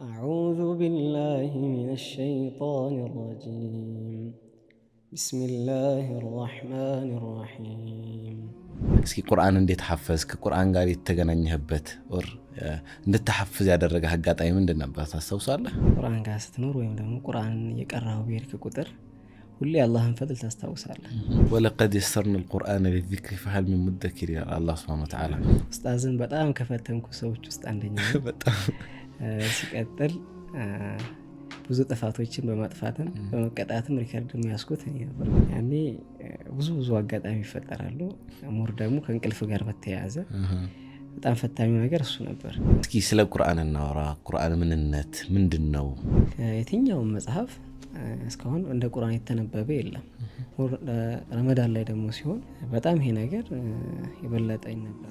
أعوذ بالله من الشيطان الرجيم بسم الله الرحمن الرحيم እስኪ ቁርአን እንዴት ሐፈዝክ? ከቁርአን ጋር የተገናኘህበት ወር እንድትሐፍዝ ያደረገህ አጋጣሚ ምንድን ነበር? ታስታውሳለህ? ቁርአን ጋር ስትኖር ወይም ደግሞ ቁርአን የቀራው ብሄድክ ቁጥር ሁሌ አላህን ፈጥል ታስታውሳለህ። ወለቀድ የሰርነ ልቁርአን ሊዚክሪ ፈሃል ሚን ሙደኪር ይላል አላህ ሱብሃነሁ ወተዓላ። ኡስታዝን በጣም ከፈተንኩ ሰዎች ውስጥ አንደኛ በጣም ሲቀጥል ብዙ ጥፋቶችን በማጥፋትም በመቀጣትም ሪከርድ የሚያስኩት ያኔ ብዙ ብዙ አጋጣሚ ይፈጠራሉ። ሙር ደግሞ ከእንቅልፍ ጋር በተያያዘ በጣም ፈታሚ ነገር እሱ ነበር። እስኪ ስለ ቁርአን እናወራ። ቁርአን ምንነት ምንድን ነው? የትኛውም መጽሐፍ እስካሁን እንደ ቁርአን የተነበበ የለም። ረመዳን ላይ ደግሞ ሲሆን በጣም ይሄ ነገር የበለጠኝ ነበር።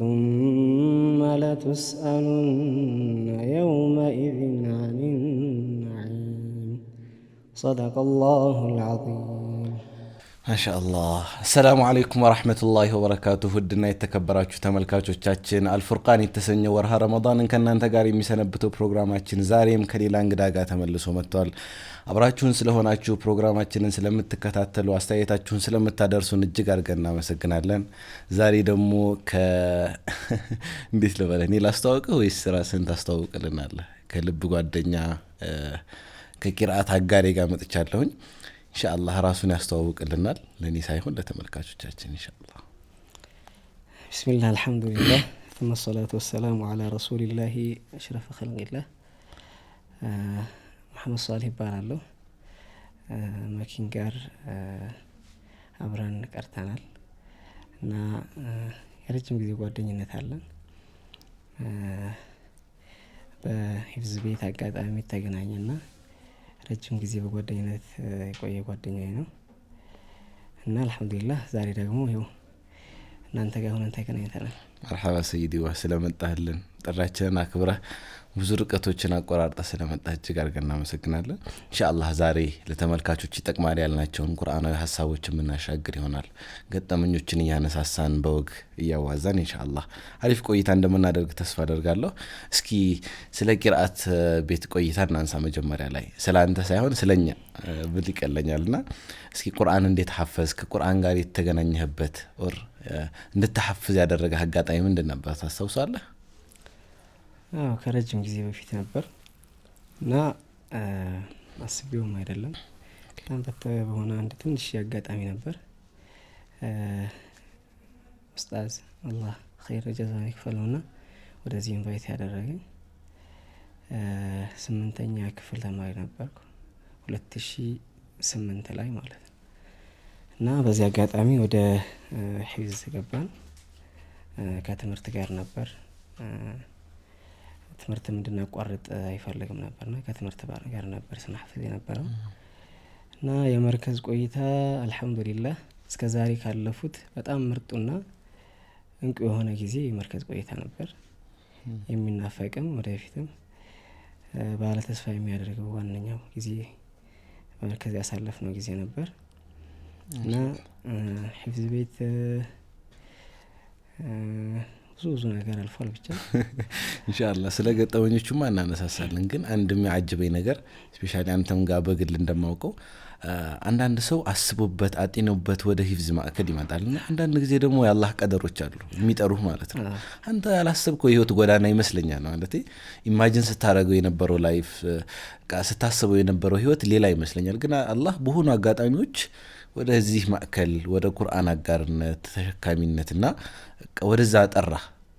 ثم لتسألن يومئذ عن النعيم صدق الله العظيم ማሻአላህ አሰላሙ አለይኩም ወረሕመቱላሂ ወበረካቱሁ። ውድና የተከበራችሁ ተመልካቾቻችን አልፉርቃን የተሰኘ ወርሃ ረመዳንን ከእናንተ ጋር የሚሰነብተው ፕሮግራማችን ዛሬም ከሌላ እንግዳ ጋር ተመልሶ መጥቷል። አብራችሁን ስለሆናችሁ፣ ፕሮግራማችንን ስለምትከታተሉ፣ አስተያየታችሁን ስለምታደርሱን እጅግ አድርገን እናመሰግናለን። ዛሬ ደግሞ እንዴት ልበለ እኔ ላስተዋውቅህ ወይስ ራስን ታስተዋውቅልናለህ? ከልብ ጓደኛ ከቂርአት አጋሬ ጋር መጥቻለሁኝ። ኢንሻአላህ ራሱን ያስተዋውቅልናል። ለእኔ ሳይሆን ለተመልካቾቻችን ኢንሻአላህ። ብስሚላህ አልሐምዱሊላህ ثم الصلاة والسلام على رسول الله أشرف خلق الله መሐመድ ሷሊህ ይባላለሁ። መኪን አብረን ቀርተናል እና የረጅም ጊዜ ጓደኝነት አለን። በሂፍዝ ቤት አጋጣሚ ተገናኘና ረጅም ጊዜ በጓደኝነት የቆየ ጓደኛዬ ነው። እና አልሐምዱሊላህ ዛሬ ደግሞ ይኸው እናንተ ጋር ሆነን ተገናኝተናል። ሰይዲ ዋ ስለመጣህልን ጥራችንን አክብረህ ብዙ ርቀቶችን አቆራርጠ ስለመጣ እጅግ አድርገን እናመሰግናለን። ኢንሻአላህ ዛሬ ለተመልካቾች ይጠቅማል ያልናቸውን ቁርአናዊ ሀሳቦች የምናሻግር ይሆናል። ገጠመኞችን እያነሳሳን በወግ እያዋዛን ኢንሻአላህ አሪፍ ቆይታ እንደምናደርግ ተስፋ አደርጋለሁ። እስኪ ስለ ቂርአት ቤት ቆይታ እናንሳ። መጀመሪያ ላይ ስለ አንተ ሳይሆን ስለኛ ብል ይቀለኛል ና እስኪ ቁርአን እንዴት ሀፈዝክ? ቁርአን ጋር የተገናኘህበት ር እንድታሐፍዝ ያደረገ አጋጣሚ ምንድን ነበር ታስታውሳለህ? አዎ ከረጅም ጊዜ በፊት ነበር እና አስቤውም አይደለም በጣም በሆነ አንድ ትንሽ አጋጣሚ ነበር። ኡስታዝ አላህ ኸይረ ጀዛን ና ወደዚህ ኢንቫይት ያደረገኝ ስምንተኛ ክፍል ተማሪ ነበርኩ ሁለት ሺ ስምንት ላይ ማለት ነው። እና በዚህ አጋጣሚ ወደ ሒዝ ገባን ከትምህርት ጋር ነበር። ትምህርትም እንድናቋርጥ አይፈልግም ነበርና ከትምህርት ጋር ነበር ስናፍዝ የነበረው እና የመርከዝ ቆይታ አልሐምዱሊላህ እስከ ዛሬ ካለፉት በጣም ምርጡና እንቁ የሆነ ጊዜ የመርከዝ ቆይታ ነበር። የሚናፈቅም ወደፊትም ባለተስፋ የሚያደርገው ዋነኛው ጊዜ በመርከዝ ያሳለፍነው ጊዜ ነበር። እና ሒፍዝ ቤት ብዙ ብዙ ነገር አልፏል። ብቻ እንሻላ ስለ ገጠመኞቹማ እናነሳሳለን። ግን አንድ የሚያጅበኝ ነገር ስፔሻሊ አንተም ጋር በግል እንደማውቀው አንዳንድ ሰው አስቦበት አጤኖበት ወደ ሂፍዝ ማዕከል ይመጣል እና አንዳንድ ጊዜ ደግሞ የአላህ ቀደሮች አሉ የሚጠሩህ ማለት ነው። አንተ ያላሰብከው የህይወት ጎዳና ይመስለኛል። ማለት ኢማጂን ስታደረገው የነበረው ላይፍ ስታስበው የነበረው ህይወት ሌላ ይመስለኛል። ግን አላህ በሆኑ አጋጣሚዎች ወደዚህ ማዕከል ወደ ቁርአን አጋርነት ተሸካሚነትና ወደዛ ጠራ።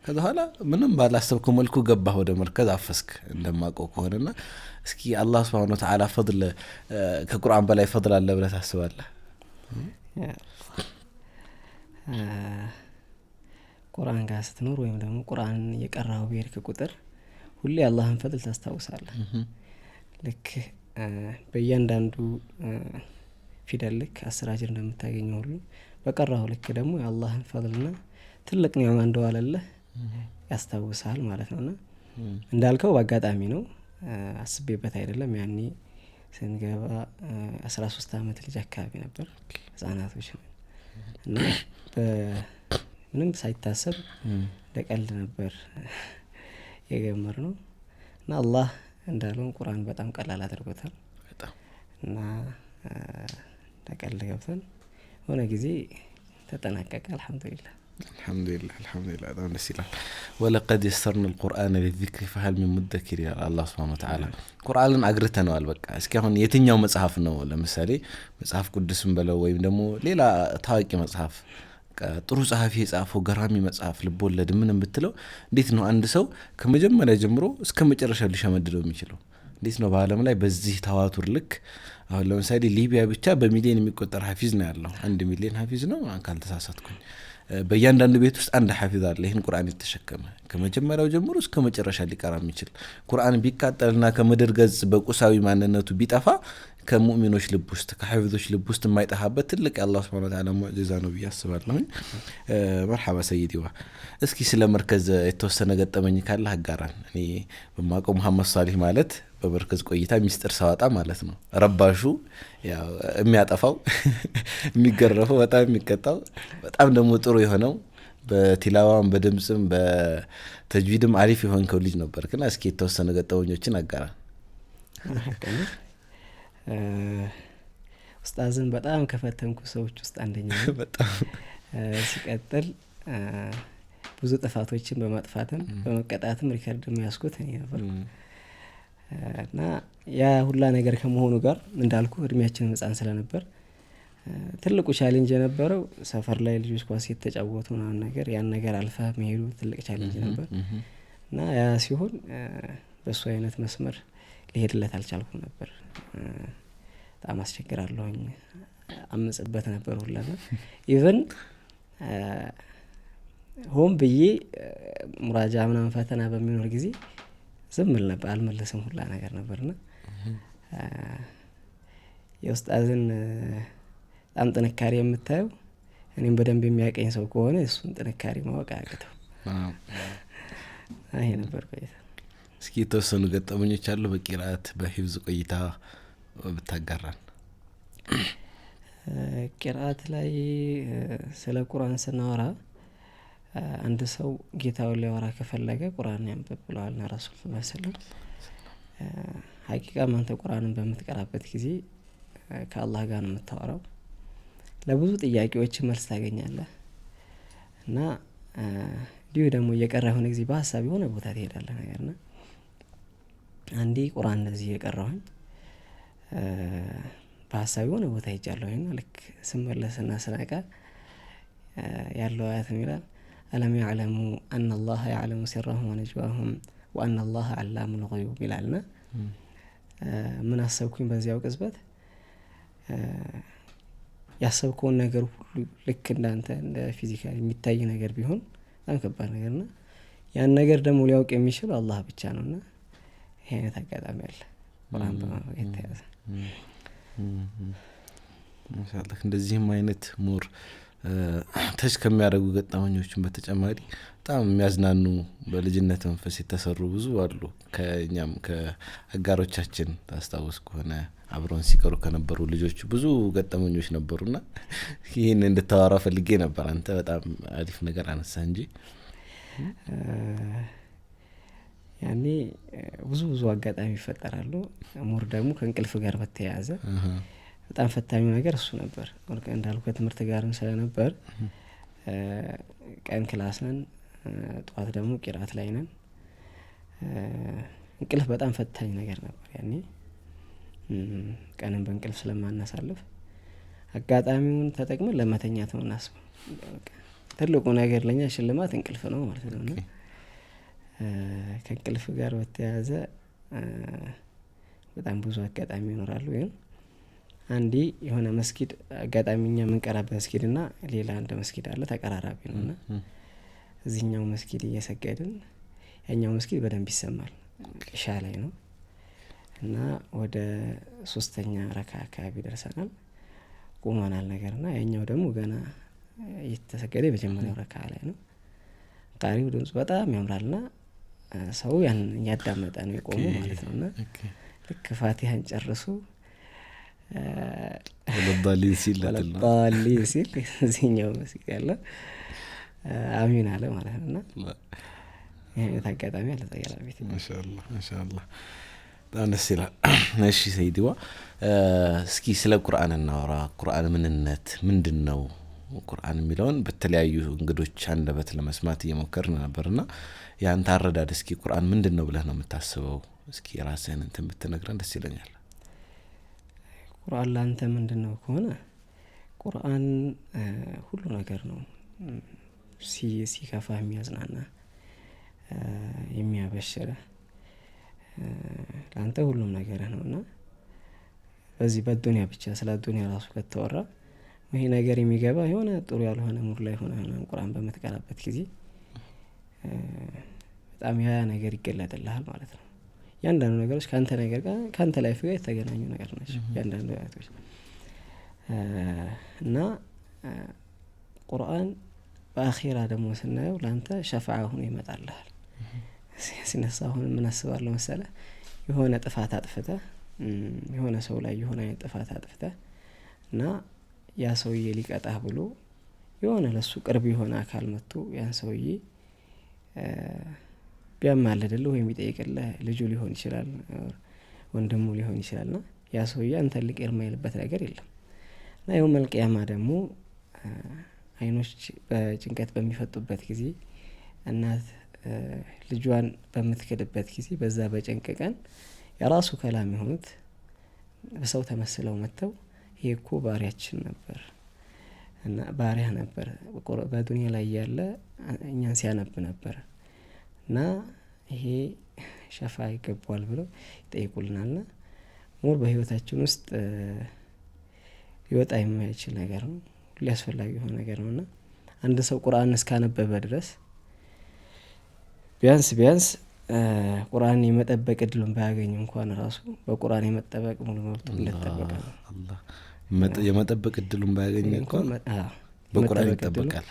ከዛ ኋላ ምንም ባላሰብከው መልኩ ገባህ፣ ወደ መርከዝ አፈስክ። እንደማውቀው ከሆነና እስኪ አላህ ስብሃነ ወተዓላ ፈድል ከቁርአን በላይ ፈድል አለ ብለህ ታስባለህ? ቁርአን ጋር ስትኖር ወይም ደግሞ ቁርአን የቀራው ብሄድክ ቁጥር ሁሌ አላህን ፈድል ታስታውሳለህ። ልክ በእያንዳንዱ ፊደል ልክ አስር አጅር እንደምታገኘ ሁሉ በቀራሁ ልክ ደግሞ የአላህን ፈልና ትልቅ ኒዕማ እንደዋለለህ ያስታውሳል ማለት ነውና እንዳልከው በአጋጣሚ ነው፣ አስቤበት አይደለም። ያኔ ስንገባ አስራ ሶስት አመት ልጅ አካባቢ ነበር፣ ህጻናቶች እና ምንም ሳይታሰብ ለቀልድ ነበር የገመር ነው እና አላህ እንዳለውን ቁርአን በጣም ቀላል አድርጎታል እና ጠቀል ገብተን ሆነ ጊዜ ተጠናቀቀ። አልሐምዱሊላህ አልሐምዱሊላህ አልሐምዱሊላህ። በጣም ደስ ይላል። ወለቀድ የሰርነ ልቁርአን ለዚክር ፈሃል ሚን ሙደኪር ይላል አላህ ሱብሃነሁ ወተዓላ። ቁርአንን አግርተነዋል። በቃ እስኪ አሁን የትኛው መጽሐፍ ነው ለምሳሌ መጽሐፍ ቅዱስም በለው ወይም ደግሞ ሌላ ታዋቂ መጽሐፍ ጥሩ ጸሐፊ የጻፈው ገራሚ መጽሐፍ ልቦለድ ምን ብትለው እንዴት ነው አንድ ሰው ከመጀመሪያ ጀምሮ እስከ መጨረሻ ሊሸመድደው የሚችለው? እንዴት ነው በአለም ላይ በዚህ ተዋቱር ልክ አሁን ለምሳሌ ሊቢያ ብቻ በሚሊዮን የሚቆጠር ሀፊዝ ነው ያለው። አንድ ሚሊዮን ሀፊዝ ነው ካልተሳሳትኩኝ። በእያንዳንዱ ቤት ውስጥ አንድ ሀፊዝ አለ። ይህን ቁርአን የተሸከመ ከመጀመሪያው ጀምሮ እስከ መጨረሻ ሊቀራ የሚችል ቁርአን ቢቃጠልና ከምድር ገጽ በቁሳዊ ማንነቱ ቢጠፋ ከሙእሚኖች ልብ ውስጥ ከሐፊዞች ልብ ውስጥ የማይጠፋበት ትልቅ የአላህ ስብሐነ ወተዓላ ሙዕጂዛ ነው ብዬ አስባለሁኝ። መርሓባ ሰይዲዋ፣ እስኪ ስለ መርከዝ የተወሰነ ገጠመኝ ካለ አጋራን። እኔ በማውቀው መሐመድ ሷሊህ ማለት በመርከዝ ቆይታ ሚስጥር ሰዋጣ ማለት ነው። ረባሹ የሚያጠፋው የሚገረፈው፣ በጣም የሚቀጣው፣ በጣም ደግሞ ጥሩ የሆነው በቲላዋም በድምፅም በተጅዊድም አሪፍ የሆንከው ልጅ ነበር። ግን እስኪ የተወሰነ ገጠመኞችን አጋራን። ውስጣዝን በጣም ከፈተንኩ ሰዎች ውስጥ አንደኛው በጣም ሲቀጥል ብዙ ጥፋቶችን በማጥፋትም በመቀጣትም ሪከርድ የሚያስኩት እኔ ነበር እና ያ ሁላ ነገር ከመሆኑ ጋር እንዳልኩ እድሜያችንም ህጻን ስለነበር ትልቁ ቻሌንጅ የነበረው ሰፈር ላይ ልጆች ኳስ የተጫወቱ ምናምን ነገር ያን ነገር አልፈ መሄዱ ትልቅ ቻሌንጅ ነበር እና ያ ሲሆን በእሱ አይነት መስመር ሊሄድለት አልቻልኩም ነበር። በጣም አስቸግራለሁኝ። አምጽበት ነበር ሁላ ኢቨን ሆን ብዬ ሙራጃ ምናምን ፈተና በሚኖር ጊዜ ዝም ብል ነበር፣ አልመለስም ሁላ ነገር ነበርና የውስጣዝን በጣም ጥንካሬ የምታየው እኔም በደንብ የሚያቀኝ ሰው ከሆነ እሱን ጥንካሬ ማወቅ አያቅተው። ይሄ ነበር ቆይታ። እስኪ የተወሰኑ ገጠመኞች አሉ በቂራት በሂብዝ ቆይታ ብታጋራን። ቂራት ላይ ስለ ቁርአን ስናወራ አንድ ሰው ጌታውን ሊያወራ ከፈለገ ቁርአን ያንብብ ብለዋል ና ረሱል ስለም። ሀቂቃ ማንተ ቁርአንን በምትቀራበት ጊዜ ከአላህ ጋር ነው የምታወራው። ለብዙ ጥያቄዎች መልስ ታገኛለህ እና እንዲሁ ደግሞ እየቀራ የሆነ ጊዜ በሀሳብ የሆነ ቦታ ትሄዳለህ ነገርና አንዴ ቁርአን እንደዚህ የቀራሁኝ በሀሳቢ የሆነ ቦታ ሄጃለሁኝ። ልክ ስመለስና ስነቃ ያለው አያትም ይላል አለም ያዕለሙ አና ላሀ ያዕለሙ ሲራሁም ወነጅዋሁም ወአና ላሀ አላሙ አላሙል ይላል ና ምን አሰብኩኝ በዚያው ቅጽበት ያሰብከውን ነገር ሁሉ ልክ እንዳንተ እንደ ፊዚካል የሚታይ ነገር ቢሆን በጣም ከባድ ነገር ና ያን ነገር ደግሞ ሊያውቅ የሚችል አላህ ብቻ ነው ና የተገጠመ የለ በአንድ የተያዘ። ማሻአላህ እንደዚህም አይነት ሞር ተች ከሚያደርጉ ገጠመኞችን በተጨማሪ በጣም የሚያዝናኑ በልጅነት መንፈስ የተሰሩ ብዙ አሉ። ከእኛም ከአጋሮቻችን ታስታውስ ከሆነ አብረውን ሲቀሩ ከነበሩ ልጆች ብዙ ገጠመኞች ነበሩና ይህን እንድታወራ ፈልጌ ነበር። አንተ በጣም አሪፍ ነገር አነሳ እንጂ ያኔ ብዙ ብዙ አጋጣሚ ይፈጠራሉ። ሞር ደግሞ ከእንቅልፍ ጋር በተያያዘ በጣም ፈታኙ ነገር እሱ ነበር። እንዳልኩ ከትምህርት ጋርም ስለነበር ቀን ክላስ ነን፣ ጠዋት ደግሞ ቂራት ላይ ነን። እንቅልፍ በጣም ፈታኝ ነገር ነበር። ያኔ ቀንን በእንቅልፍ ስለማናሳልፍ አጋጣሚውን ተጠቅመን ለመተኛት ነው እናስበው። ትልቁ ነገር ለእኛ ሽልማት እንቅልፍ ነው ማለት ነው። ከእንቅልፍ ጋር በተያያዘ በጣም ብዙ አጋጣሚ ይኖራሉ። ግን አንዴ የሆነ መስጊድ አጋጣሚ እኛ የምንቀራበት መስጊድ እና ሌላ አንድ መስጊድ አለ ተቀራራቢ ነው እና እዚህኛው መስጊድ እየሰገድን ያኛው መስጊድ በደንብ ይሰማል። ቅሻ ላይ ነው እና ወደ ሶስተኛ ረካ አካባቢ ደርሰናል። ቁመናል ነገር ና ያኛው ደግሞ ገና እየተሰገደ የመጀመሪያው ረካ ላይ ነው። ቃሪው ድምፁ በጣም ያምራልና ሰው ያንን እያዳመጠ ነው የቆሙ ማለት ነው። እና ልክ ፋቲሃን ጨርሱ ወለዳሊን ሲል ሲል እዚህኛው መስጊድ ያለ አሚን አለ ማለት ነው። እና ይህ አይነት አጋጣሚ አለ ጸያላ ቤት ማሻላ ማሻላ በጣም ደስ ይላል። እሺ ሰይዲዋ፣ እስኪ ስለ ቁርአን እናወራ። ቁርአን ምንነት ምንድን ነው? ቁርአን የሚለውን በተለያዩ እንግዶች አንደበት ለመስማት እየሞከርን ነበርና የአንተ አረዳድ እስኪ ቁርአን ምንድን ነው ብለህ ነው የምታስበው? እስኪ ራስህን እንትን ብትነግረን ደስ ይለኛል። ቁርአን ለአንተ ምንድን ነው ከሆነ ቁርአን ሁሉ ነገር ነው። ሲከፋ የሚያዝናና የሚያበሽረ ለአንተ ሁሉም ነው እና በዚህ በዱኒያ ብቻ ስለ ዱኒያ ራሱ ከተወራ ይሄ ነገር የሚገባ የሆነ ጥሩ ያልሆነ ሙድ ላይ ሆነ ቁርአን በምትቀራበት ጊዜ በጣም ያ ነገር ይገለጥልሃል ማለት ነው። ያንዳንዱ ነገሮች ከአንተ ነገር ጋር ከአንተ ላይፍ ጋር የተገናኙ ነገር ናቸው። ያንዳንዱ አያቶች እና ቁርአን በአኼራ ደግሞ ስናየው ለአንተ ሸፋዓ ሆኖ ይመጣልሃል። ሲነሳ አሁን የምናስባለው መሰለ የሆነ ጥፋት አጥፍተ የሆነ ሰው ላይ የሆነ አይነት ጥፋት አጥፍተ እና ያ ሰውዬ ሊቀጣህ ብሎ የሆነ ለሱ ቅርብ የሆነ አካል መጥቶ ያን ሰውዬ ቢያማልድልህ ወይም ቢጠይቅልህ ልጁ ሊሆን ይችላል፣ ወንድሙ ሊሆን ይችላል ና ያ ሰውዬ አንተን ልቅ የማይልበት ነገር የለም እና ይሁ መልቅያማ ደግሞ አይኖች በጭንቀት በሚፈጡበት ጊዜ እናት ልጇን በምትክድበት ጊዜ በዛ በጭንቅ ቀን የራሱ ከላም የሆኑት በሰው ተመስለው መጥተው ይሄ እኮ ባሪያችን ነበር እና ባሪያ ነበር በዱኒያ ላይ ያለ እኛን ሲያነብ ነበር እና ይሄ ሸፋ ይገባዋል ብለው ና ሙር በህይወታችን ውስጥ ሊወጣ የማይችል ነገር ነው። ሁሉ አስፈላጊ የሆነ ነገር ነው ና አንድ ሰው ቁርአን እስካነበበ ድረስ ቢያንስ ቢያንስ ቁርአን የመጠበቅ እድሉን ባያገኝ እንኳን ራሱ በቁርአን የመጠበቅ ሙሉ መብቱ እንደጠበቀ ነው። የመጠበቅ እድሉን ባያገኝ እንኳን በቁርአን ይጠበቃል።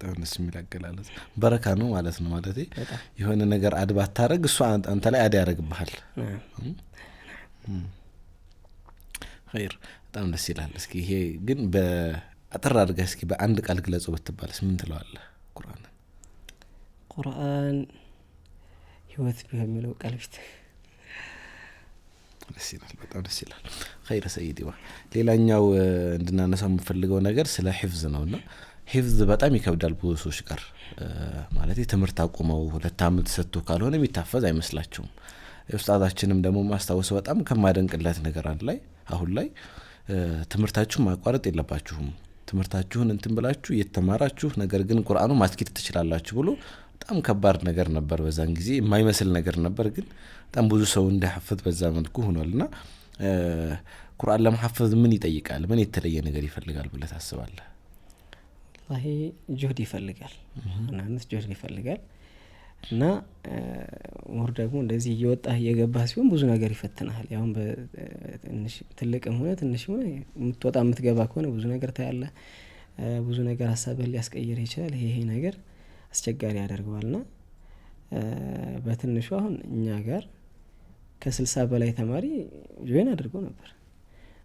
በጣም ደስ የሚል አገላለጽ በረካ ነው ማለት ነው። ማለት የሆነ ነገር አድ ባታረግ እሱ አንተ ላይ አድ ያደረግብሃል። ኸይር በጣም ደስ ይላል። እስኪ ይሄ ግን በአጠር አድርጋ እስኪ በአንድ ቃል ግለጹ ብትባልስ ምን ትለዋለህ? ቁርአን ቁርአን ህይወት ቢሆን የሚለው ቃል ደስ ይላል። በጣም ደስ ይላል። ኸይረ ሰይድ ዋ ሌላኛው እንድናነሳው የምፈልገው ነገር ስለ ሒፍዝ ነው እና ሒፍዝ በጣም ይከብዳል ብዙ ሰዎች ጋር ማለት ትምህርት አቁመው ሁለት አመት ሰጥቶ ካልሆነ የሚታፈዝ አይመስላቸውም። ውስጣታችንም ደግሞ ማስታወስ በጣም ከማደንቅለት ነገር አንድ ላይ አሁን ላይ ትምህርታችሁ ማቋረጥ የለባችሁም ትምህርታችሁን እንትን ብላችሁ እየተማራችሁ ነገር ግን ቁርአኑ ማስኬድ ትችላላችሁ ብሎ በጣም ከባድ ነገር ነበር። በዛን ጊዜ የማይመስል ነገር ነበር ግን በጣም ብዙ ሰው እንዲያሐፍዝ በዛ መልኩ ሆኗል እና ቁርአን ለመሐፈዝ ምን ይጠይቃል? ምን የተለየ ነገር ይፈልጋል ብለህ ታስባለህ? ወላሂ ጆድ ይፈልጋል፣ ናነት ጆድ ይፈልጋል እና ሙር ደግሞ እንደዚህ እየወጣህ እየገባህ ሲሆን ብዙ ነገር ይፈትናል። ያሁን ትልቅም ሆነ ትንሽ ሆነ የምትወጣ የምትገባ ከሆነ ብዙ ነገር ታያለ፣ ብዙ ነገር ሀሳብህን ሊያስቀይር ይችላል። ይሄ ይሄ ነገር አስቸጋሪ ያደርገዋል ና በትንሹ አሁን እኛ ጋር ከስልሳ በላይ ተማሪ ጆይን አድርጎ ነበር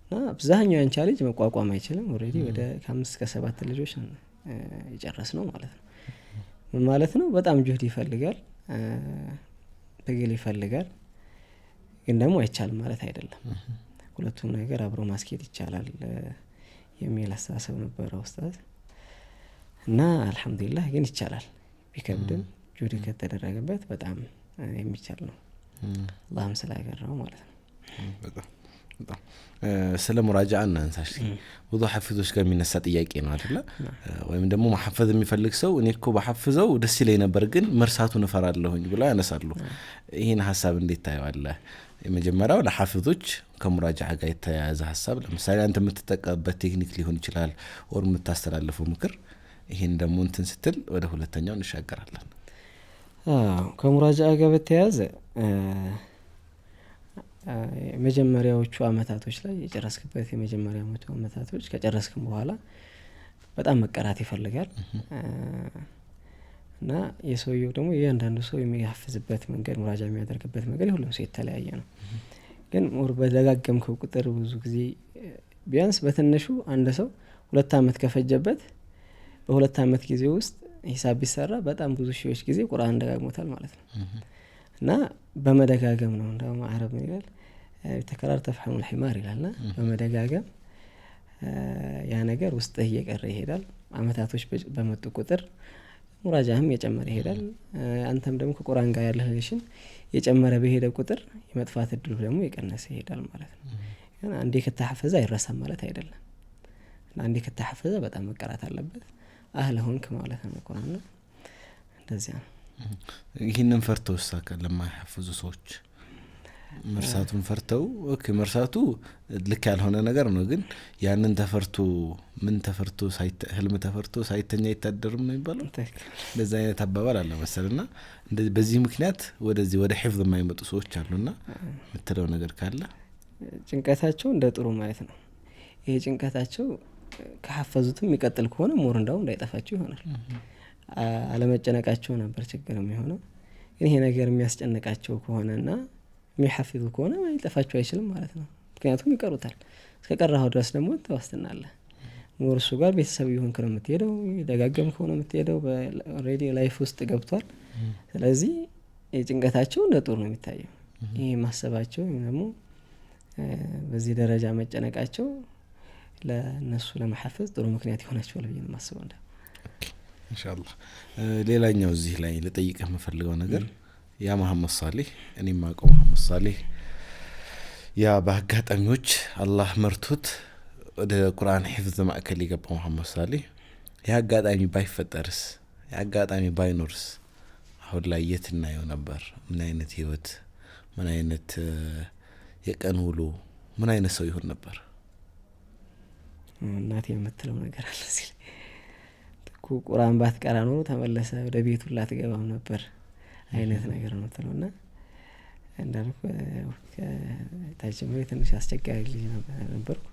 እና አብዛኛው ያንቻ ልጅ መቋቋም አይችልም። ኦልሬዲ ወደ ከአምስት ከሰባት ልጆች የጨረስ ነው ማለት ነው ማለት ነው። በጣም ጁህድ ይፈልጋል፣ ትግል ይፈልጋል። ግን ደግሞ አይቻልም ማለት አይደለም። ሁለቱም ነገር አብሮ ማስኬድ ይቻላል የሚል አስተሳሰብ ነበረ ውስጣት እና አልሐምዱሊላህ ግን ይቻላል። ቢከብድም ጆድ ከተደረገበት በጣም የሚቻል ነው። በጣም ስላገራው ማለት ነው። ስለ ሙራጃ እናንሳሽ። ብዙ ሐፊዞች ጋር የሚነሳ ጥያቄ ነው አይደለ? ወይም ደግሞ መሐፈዝ የሚፈልግ ሰው እኔ እኮ በሐፍዘው ደስ ይለኝ ነበር፣ ግን መርሳቱን እፈራለሁኝ ብለው ያነሳሉ። ይህን ሀሳብ እንዴት ታየዋለህ? የመጀመሪያው ለሐፊዞች ከሙራጃ ጋር የተያያዘ ሀሳብ፣ ለምሳሌ አንተ የምትጠቀምበት ቴክኒክ ሊሆን ይችላል፣ ወር የምታስተላልፈው ምክር። ይህን ደግሞ እንትን ስትል ወደ ሁለተኛው እንሻገራለን። ከሙራጃ ጋር በተያያዘ የመጀመሪያዎቹ አመታቶች ላይ የጨረስክበት መቶ አመታቶች ከጨረስክም በኋላ በጣም መቀራት ይፈልጋል እና የሰውየው ደግሞ እያንዳንዱ ሰው የሚያፍዝበት መንገድ ሙራጃ የሚያደርግበት መንገድ የሁሉም ሰው የተለያየ ነው። ግን ሞር በደጋገምከው ቁጥር ብዙ ጊዜ ቢያንስ በትንሹ አንድ ሰው ሁለት አመት ከፈጀበት በሁለት አመት ጊዜ ውስጥ ሂሳብ ቢሰራ በጣም ብዙ ሺዎች ጊዜ ቁርአን ደጋግሞታል ማለት ነው። እና በመደጋገም ነው እንደውም አረብ ይላል ተከራር ተፍሐሙ ልሒማር ና በመደጋገም ያ ነገር ውስጥህ እየቀረ ይሄዳል። አመታቶች በመጡ ቁጥር ሙራጃህም የጨመረ ይሄዳል። አንተም ደግሞ ከቁርአን ጋር ያለ የጨመረ በሄደ ቁጥር የመጥፋት እድሉ ደግሞ የቀነሰ ይሄዳል ማለት ነው። ግን አንዴ ከታሐፈዘ አይረሳም ማለት አይደለም። አንዴ ከታሐፈዘ በጣም መቀራት አለበት። አህለ ሆንክ ማለት ነው እኮ እንደዚያ ነው። ይህንን ፈርተው ሳከ ለማይሐፍዙ ሰዎች መርሳቱን ፈርተው ኦኬ፣ መርሳቱ ልክ ያልሆነ ነገር ነው። ግን ያንን ተፈርቶ ምን ተፈርቶ ህልም ተፈርቶ ሳይተኛ አይታደርም ነው የሚባለው። እንደዚ አይነት አባባል አለ መሰል ና በዚህ ምክንያት ወደዚህ ወደ ሒፍዝ የማይመጡ ሰዎች አሉ ና የምትለው ነገር ካለ ጭንቀታቸው እንደ ጥሩ ማየት ነው። ይሄ ጭንቀታቸው ከሀፈዙትም የሚቀጥል ከሆነ ሞር እንዳው እንዳይጠፋቸው ይሆናል። አለመጨነቃቸው ነበር ችግር የሚሆነው። ግን ይሄ ነገር የሚያስጨንቃቸው ከሆነና የሚሐፊዙ ከሆነ ሊጠፋቸው አይችልም ማለት ነው። ምክንያቱም ይቀሩታል። እስከ ቀራሁ ድረስ ደግሞ ተዋስትና አለ። ሞር እሱ ጋር ቤተሰብ ይሆን ክነው የምትሄደው፣ የደጋገም ከሆነ የምትሄደው በሬዲዮ ላይፍ ውስጥ ገብቷል። ስለዚህ ጭንቀታቸው እንደ ጦር ነው የሚታየው። ይሄ ማሰባቸው ወይም ደግሞ በዚህ ደረጃ መጨነቃቸው ለእነሱ ለመሐፈዝ ጥሩ ምክንያት ይሆናቸዋል ብዬ ነው የማስበው። እንደ ኢንሻላህ ሌላኛው እዚህ ላይ ልጠይቅህ የምፈልገው ነገር ያ መሐመድ ሳሌህ እኔ ማቀው መሐመድ ሳሌህ ያ በአጋጣሚዎች አላህ መርቶት ወደ ቁርአን ሒፍዝ ማዕከል የገባው መሐመድ ሳሌህ ያ አጋጣሚ ባይፈጠርስ የአጋጣሚ አጋጣሚ ባይኖርስ አሁን ላይ የት እናየው ነበር? ምን አይነት ህይወት፣ ምን አይነት የቀን ውሎ፣ ምን አይነት ሰው ይሆን ነበር? እናቴ የምትለው ነገር አለ ሲል ትኩ ቁራን ባትቀራ ኖሮ ተመለሰ ወደ ቤቱ ላትገባም ነበር አይነት ነገር ነው ትለው እና እንዳልኩ ከታች ጀምሮ ትንሽ አስቸጋሪ ልጅ ነበርኩ።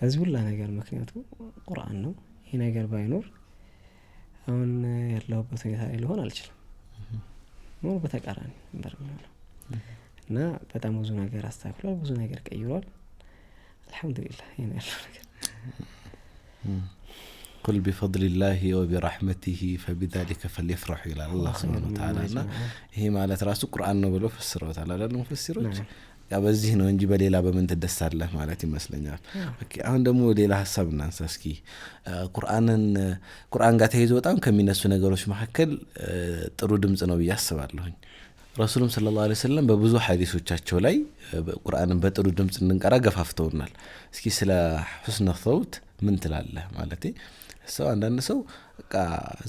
ለዚህ ሁላ ነገር ምክንያቱ ቁርአን ነው። ይህ ነገር ባይኖር አሁን ያለሁበት ሁኔታ ላይ ልሆን አልችልም። ኖር በተቃራኒ ነበር ምሆነው እና በጣም ብዙ ነገር አስተካክሏል፣ ብዙ ነገር ቀይሯል። አልሐምዱሊላ ይ ያለው ነገር ቁል ቢፈድሊላሂ ወቢራሕመቲሂ ፈቢዛሊከ ፈልየፍረሑ ይላል አላህ ስብሃነ ወተዓላ። እና ይሄ ማለት ራሱ ቁርአን ነው ብለው ፈስረውታል አላሉ ሙፈሲሮች። በዚህ ነው እንጂ በሌላ በምን ትደሳለህ ማለት ይመስለኛል። አሁን ደግሞ ሌላ ሀሳብ እናንሳ እስኪ። ቁርአንን ቁርአን ጋር ተያይዞ በጣም ከሚነሱ ነገሮች መካከል ጥሩ ድምጽ ነው ብዬ አስባለሁኝ። ረሱሉም ሰለላሁ ዐለይሂ ወሰለም በብዙ ሐዲሶቻቸው ላይ ቁርአንን በጥሩ ድምፅ እንድንቀራ ገፋፍተውናል። እስኪ ስለ ሑስነ ሰውት ምን ትላለህ? ማለት ሰው አንዳንድ ሰው በቃ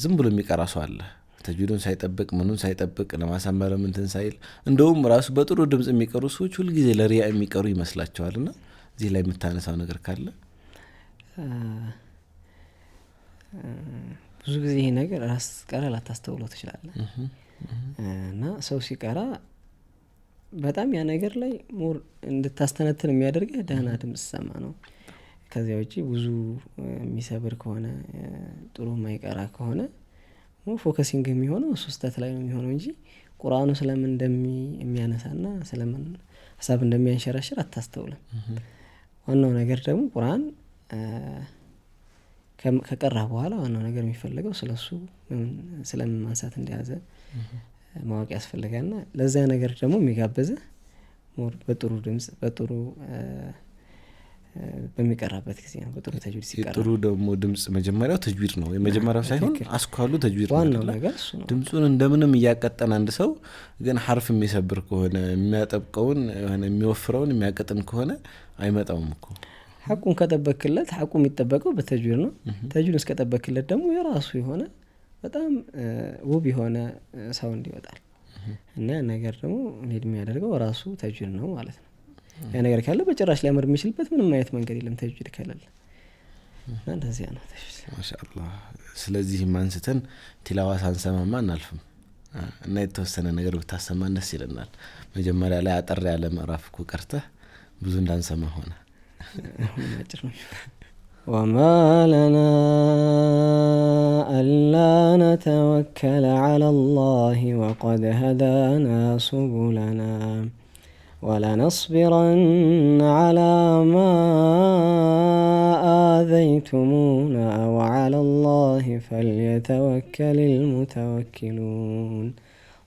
ዝም ብሎ የሚቀራ ሰው አለ። ተጅዱን ሳይጠብቅ ምኑን ሳይጠብቅ ለማሳመር ምንትን ሳይል እንደውም ራሱ በጥሩ ድምፅ የሚቀሩ ሰዎች ሁልጊዜ ለሪያ የሚቀሩ ይመስላቸዋል። ና እዚህ ላይ የምታነሳው ነገር ካለ ብዙ ጊዜ ይሄ ነገር ራስ ቀላል አታስተውለው ትችላለህ እና ሰው ሲቀራ በጣም ያ ነገር ላይ ሞር እንድታስተነትን የሚያደርገ ደህና ድምፅ ሰማ ነው። ከዚያ ውጪ ብዙ የሚሰብር ከሆነ ጥሩ የማይቀራ ከሆነ ፎከሲንግ የሚሆነው እሱ ስህተት ላይ ነው የሚሆነው እንጂ ቁርአኑ ስለምን እንደሚያነሳና ስለምን ሀሳብ እንደሚያንሸራሽር አታስተውልም። ዋናው ነገር ደግሞ ቁርአን ከቀራ በኋላ ዋናው ነገር የሚፈለገው ስለሱ ስለምን ማንሳት እንደያዘ ማወቅ ያስፈልጋልና ለዛ ነገር ደግሞ የሚጋብዝ ሞር በጥሩ ድምጽ በጥሩ በሚቀራበት ጊዜ ነው። በጥሩ ተጅዊድ ሲቀራ ጥሩ ደግሞ ድምጽ መጀመሪያው ተጅዊድ ነው የመጀመሪያው ሳይሆን አስኳሉ ተጅዊድ ዋናው ነገር እሱ ነው። ድምፁን እንደምንም እያቀጠን አንድ ሰው ግን ሀርፍ የሚሰብር ከሆነ የሚያጠብቀውን የሚወፍረውን የሚያቀጥን ከሆነ አይመጣውም እኮ ሐቁን ከጠበክለት ሐቁ የሚጠበቀው በተጅዊድ ነው። ተጅዊድ እስከጠበክለት ደግሞ የራሱ የሆነ በጣም ውብ የሆነ ሳውንድ ይወጣል እና ያ ነገር ደግሞ ሄድ የሚያደርገው ራሱ ተጅዊድ ነው ማለት ነው። ያ ነገር ካለ በጭራሽ ሊያምር የሚችልበት ምንም አይነት መንገድ የለም ተጅዊድ ከሌለ እና እንደዚያ ነው ማሻአላህ። ስለዚህም አንስተን ቲላዋ ሳንሰማማ እናልፍም እና የተወሰነ ነገር ብታሰማን ደስ ይለናል። መጀመሪያ ላይ አጠር ያለ ምዕራፍ እኮ ቀርተህ ብዙ እንዳንሰማ ሆነ። وما لنا ألا نتوكل على الله وقد هدانا سبلنا ولنصبرن على ما آذيتمونا وعلى الله فليتوكل المتوكلون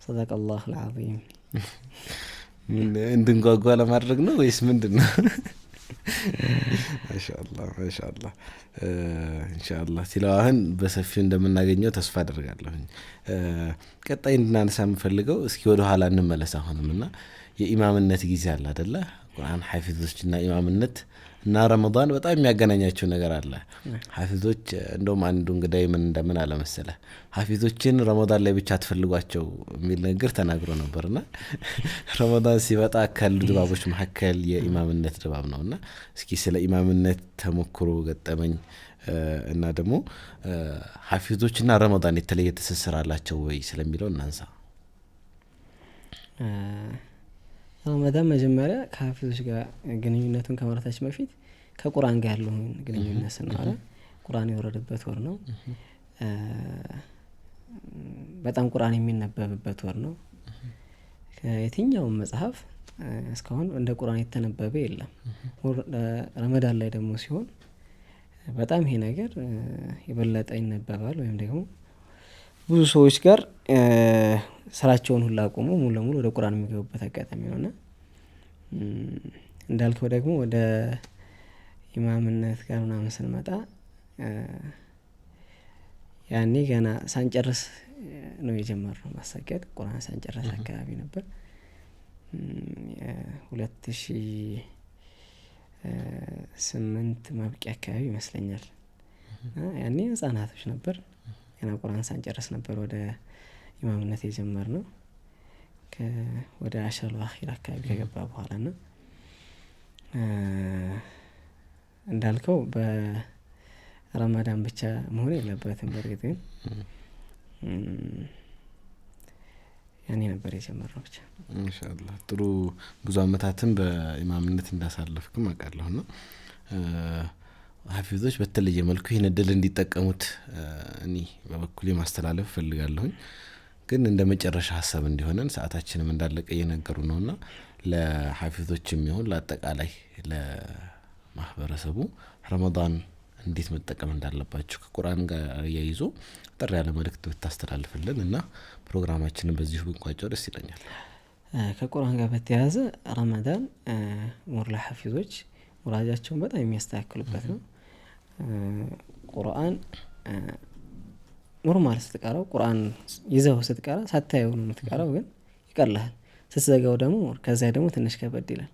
صدق الله العظيم من عند ማድረግ مرقنا ወይስ ምንድን ነው? ማሻአላ ማሻአላ እንሻአላ ሲለዋህን በሰፊው እንደምናገኘው ተስፋ አደርጋለሁኝ። ቀጣይ እንድናነሳ የምፈልገው እስኪ ወደ ኋላ እንመለስ አሁንም እና የኢማምነት ጊዜ አለ አደለ? ቁርአን ሐፊዞችና ኢማምነት እና ረመዳን በጣም የሚያገናኛቸው ነገር አለ። ሀፊዞች እንደውም አንዱ እንግዳይ ምን እንደምን አለመሰለ ሀፊዞችን ረመዳን ላይ ብቻ አትፈልጓቸው የሚል ንግግር ተናግሮ ነበርና ረመዳን ሲመጣ ካሉ ድባቦች መካከል የኢማምነት ድባብ ነው እና እስኪ ስለ ኢማምነት ተሞክሮ ገጠመኝ እና ደግሞ ሀፊዞችና ረመዳን የተለየ ትስስር አላቸው ወይ ስለሚለው እናንሳ። ረመዳን መጀመሪያ ከሀፊዞች ጋር ግንኙነቱን ከማለታችን በፊት ከቁርአን ጋር ያለውን ግንኙነት ስናለ ቁርአን የወረደበት ወር ነው። በጣም ቁርአን የሚነበብበት ወር ነው። ከየትኛውም መጽሐፍ እስካሁን እንደ ቁርአን የተነበበ የለም። ረመዳን ላይ ደግሞ ሲሆን በጣም ይሄ ነገር የበለጠ ይነበባል ወይም ደግሞ ብዙ ሰዎች ጋር ስራቸውን ሁላ አቁመው ሙሉ ለሙሉ ወደ ቁርአን የሚገቡበት አጋጣሚ ሆነ። እንዳልከው ደግሞ ወደ ኢማምነት ጋር ምናምን ስንመጣ ያኔ ገና ሳንጨርስ ነው ነው ማሰገድ። ቁርአን ሳንጨርስ አካባቢ ነበር ሁለት ሺ ስምንት ማብቂያ አካባቢ ይመስለኛል። ያኔ ህጻናቶች ነበር ገና ቁርአን ሳንጨርስ ነበር ወደ ኢማምነት የጀመር ነው። ወደ አሸር አኺር አካባቢ ከገባ በኋላ ና እንዳልከው በረመዳን ብቻ መሆን የለበትም። በእርግጥ ግን ያኔ ነበር የጀመርነው። ብቻ ኢንሻላህ ጥሩ ብዙ አመታትን በኢማምነት እንዳሳለፍክም አቃለሁ ነው ሀፊዞች በተለየ መልኩ ይህን እድል እንዲጠቀሙት እኔ በበኩሌ ማስተላለፍ እፈልጋለሁኝ። ግን እንደ መጨረሻ ሀሳብ እንዲሆነን ሰዓታችንም እንዳለቀ እየነገሩ ነውና ለሀፊዞች የሚሆን ለአጠቃላይ ለማህበረሰቡ ረመዳን እንዴት መጠቀም እንዳለባቸው ከቁርአን ጋር አያይዞ ጥር ያለ መልእክት ብታስተላልፍልን እና ፕሮግራማችንን በዚሁ ብንቋጨው ደስ ይለኛል። ከቁርአን ጋር በተያያዘ ረመዳን ሞር ለሀፊዞች ሙራጃቸውን በጣም የሚያስተካክሉበት ነው። ቁርአን ኖርማል ስትቀራው ቁርአን ይዘው ስትቀራ ሳታየው ነው የምትቀራው፣ ግን ይቀልሃል። ስትዘጋው ደግሞ ከዚያ ደግሞ ትንሽ ከበድ ይላል።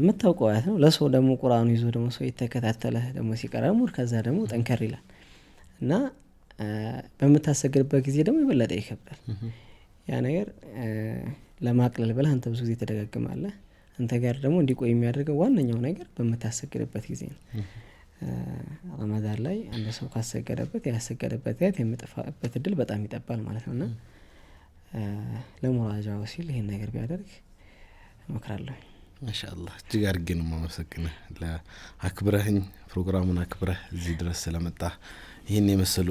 የምታውቀው አያት ነው። ለሰው ደግሞ ቁርአኑ ይዞ ደግሞ ሰው የተከታተለ ደግሞ ሲቀራ ደግሞ ከዛ ደግሞ ጠንከር ይላል እና በምታሰግድበት ጊዜ ደግሞ የበለጠ ይከብዳል። ያ ነገር ለማቅለል ብለህ አንተ ብዙ ጊዜ ተደጋግማለህ። አንተ ጋር ደግሞ እንዲቆይ የሚያደርገው ዋነኛው ነገር በምታሰግድበት ጊዜ ነው። ረመዳን ላይ አንድ ሰው ካሰገደበት ያሰገደበት ያት የምጠፋበት እድል በጣም ይጠባል ማለት ነው እና ለሙራጃው ሲል ይህን ነገር ቢያደርግ እመክራለሁ። ማሻአላህ እጅግ አድርጌ ነው የማመሰግንህ። ለአክብረህኝ ፕሮግራሙን አክብረህ እዚህ ድረስ ስለመጣህ ይህን የመሰሉ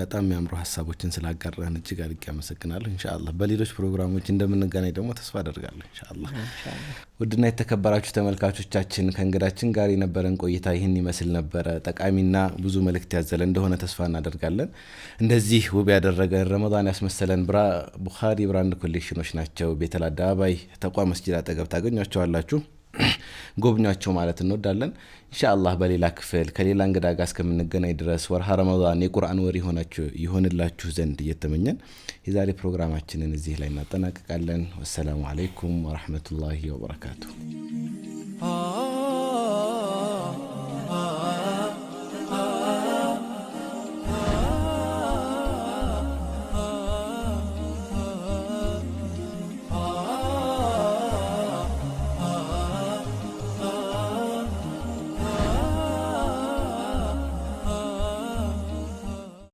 በጣም የሚያምሩ ሀሳቦችን ስላጋራህን እጅግ አድርጌ አመሰግናለሁ። እንሻላ በሌሎች ፕሮግራሞች እንደምንገናኝ ደግሞ ተስፋ አደርጋለሁ። እንሻላ ውድና የተከበራችሁ ተመልካቾቻችን ከእንግዳችን ጋር የነበረን ቆይታ ይህን ይመስል ነበረ። ጠቃሚና ብዙ መልእክት ያዘለ እንደሆነ ተስፋ እናደርጋለን። እንደዚህ ውብ ያደረገን ረመዳን ያስመሰለን ብራ ቡኻሪ ብራንድ ኮሌክሽኖች ናቸው። ቤተል አደባባይ ተቋም መስጂድ አጠገብ ታገኟቸዋላችሁ። ጎብኟቸው ማለት እንወዳለን። ኢንሻአላህ በሌላ ክፍል ከሌላ እንግዳ ጋር እስከምንገናኝ ድረስ ወርሃ ረመዳን የቁርአን ወር ይሆንላችሁ ዘንድ እየተመኘን የዛሬ ፕሮግራማችንን እዚህ ላይ እናጠናቀቃለን። ወሰላሙ አለይኩም ወረህመቱላሂ ወበረካቱ።